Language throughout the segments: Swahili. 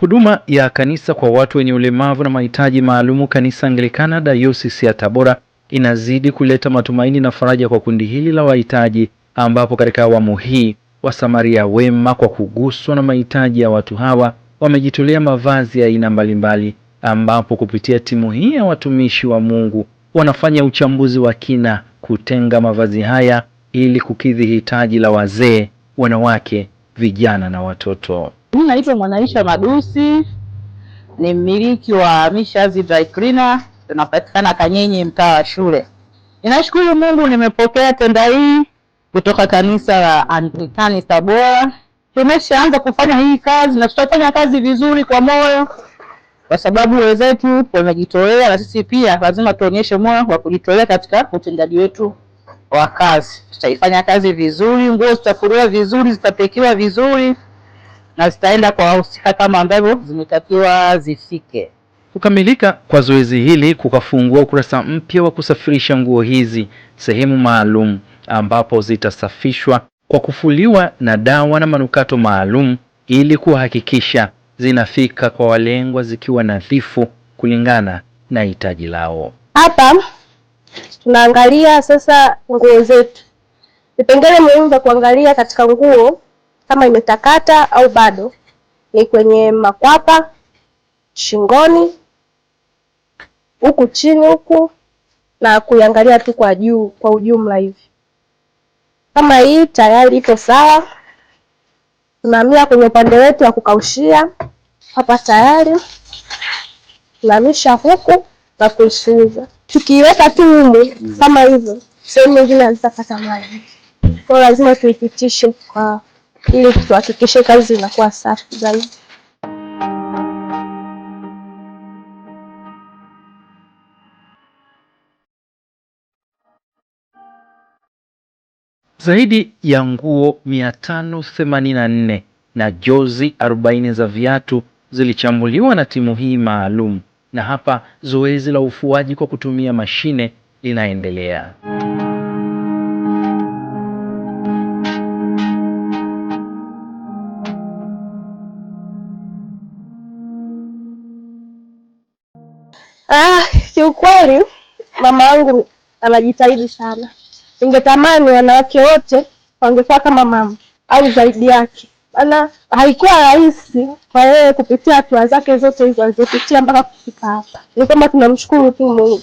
Huduma ya kanisa kwa watu wenye ulemavu na mahitaji maalumu Kanisa Anglikana Dayosisi ya Tabora inazidi kuleta matumaini na faraja kwa kundi hili la wahitaji, ambapo katika awamu hii Wasamaria wema kwa kuguswa na mahitaji ya watu hawa wamejitolea mavazi ya aina mbalimbali, ambapo kupitia timu hii ya watumishi wa Mungu wanafanya uchambuzi wa kina kutenga mavazi haya ili kukidhi hitaji la wazee, wanawake, vijana na watoto. Mimi naitwa Mwanaisha Madusi, ni mmiliki wa Mishazi Dry Cleaner, tunapatikana Kanyenye, mtaa wa shule. Ninashukuru Mungu, nimepokea tenda hii kutoka kanisa la Anglikani Tabora. Tumeshaanza kufanya hii kazi na tutafanya kazi vizuri kwa moyo, kwa sababu wenzetu wamejitolea, na sisi pia lazima tuonyeshe moyo wa kujitolea katika utendaji wetu wa kazi. Tutaifanya kazi vizuri, nguo zitafuliwa vizuri, zitapekiwa vizuri na zitaenda kwa wahusika kama ambavyo zimetakiwa zifike. Kukamilika kwa zoezi hili kukafungua ukurasa mpya wa kusafirisha nguo hizi sehemu maalum ambapo zitasafishwa kwa kufuliwa na dawa na manukato maalum ili kuhakikisha zinafika kwa walengwa zikiwa nadhifu kulingana na hitaji lao. Hapa tunaangalia sasa nguo zetu. Vipengele muhimu vya kuangalia katika nguo kama imetakata au bado, ni kwenye makwapa, shingoni, huku chini huku, na kuiangalia tu kwa juu, kwa ujumla hivi. Kama hii tayari ipo sawa, tunahamia kwenye upande wetu wa kukaushia. Hapa tayari namisha huku na kuisuuza, tukiiweka tu humu kama hivyo, sehemu nyingine hazitakata maji, kwa lazima tuipitishe kwa ili tuhakikishe kazi zinakuwa safi zaidi. Zaidi ya nguo 584 na jozi 40 za viatu zilichambuliwa na timu hii maalum, na hapa zoezi la ufuaji kwa kutumia mashine linaendelea. Ah, kiukweli mama wangu anajitahidi sana. Ningetamani wanawake wote wangekuwa kama mama au zaidi yake, maana haikuwa rahisi kwa yeye kupitia hatua zake zote hizo alizopitia mpaka kufika hapa. Ni kwamba tunamshukuru tu Mungu.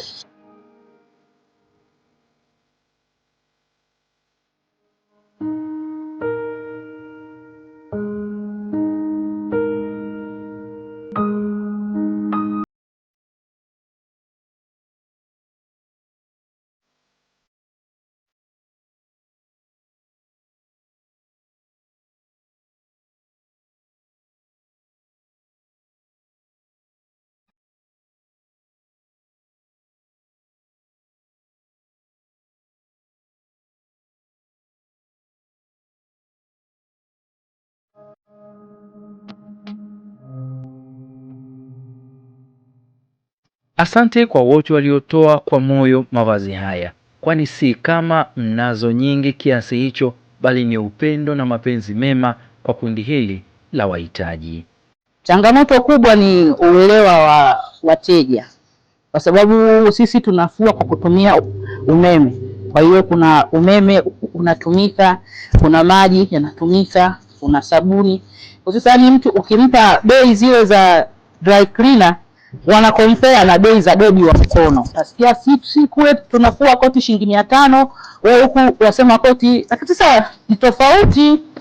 Asante kwa wote waliotoa kwa moyo mavazi haya, kwani si kama mnazo nyingi kiasi hicho, bali ni upendo na mapenzi mema kwa kundi hili la wahitaji. Changamoto kubwa ni uelewa wa wateja, kwa sababu sisi tunafua kwa kutumia umeme. Kwa hiyo kuna umeme unatumika, kuna maji yanatumika, kuna sabuni. Hususani mtu ukimpa bei zile za dry cleaner wanakompea na bei za dobi wa mkono. Tasikia siku wetu tunafua koti shilingi mia tano, wewe huku wasema koti, lakini sasa ni tofauti.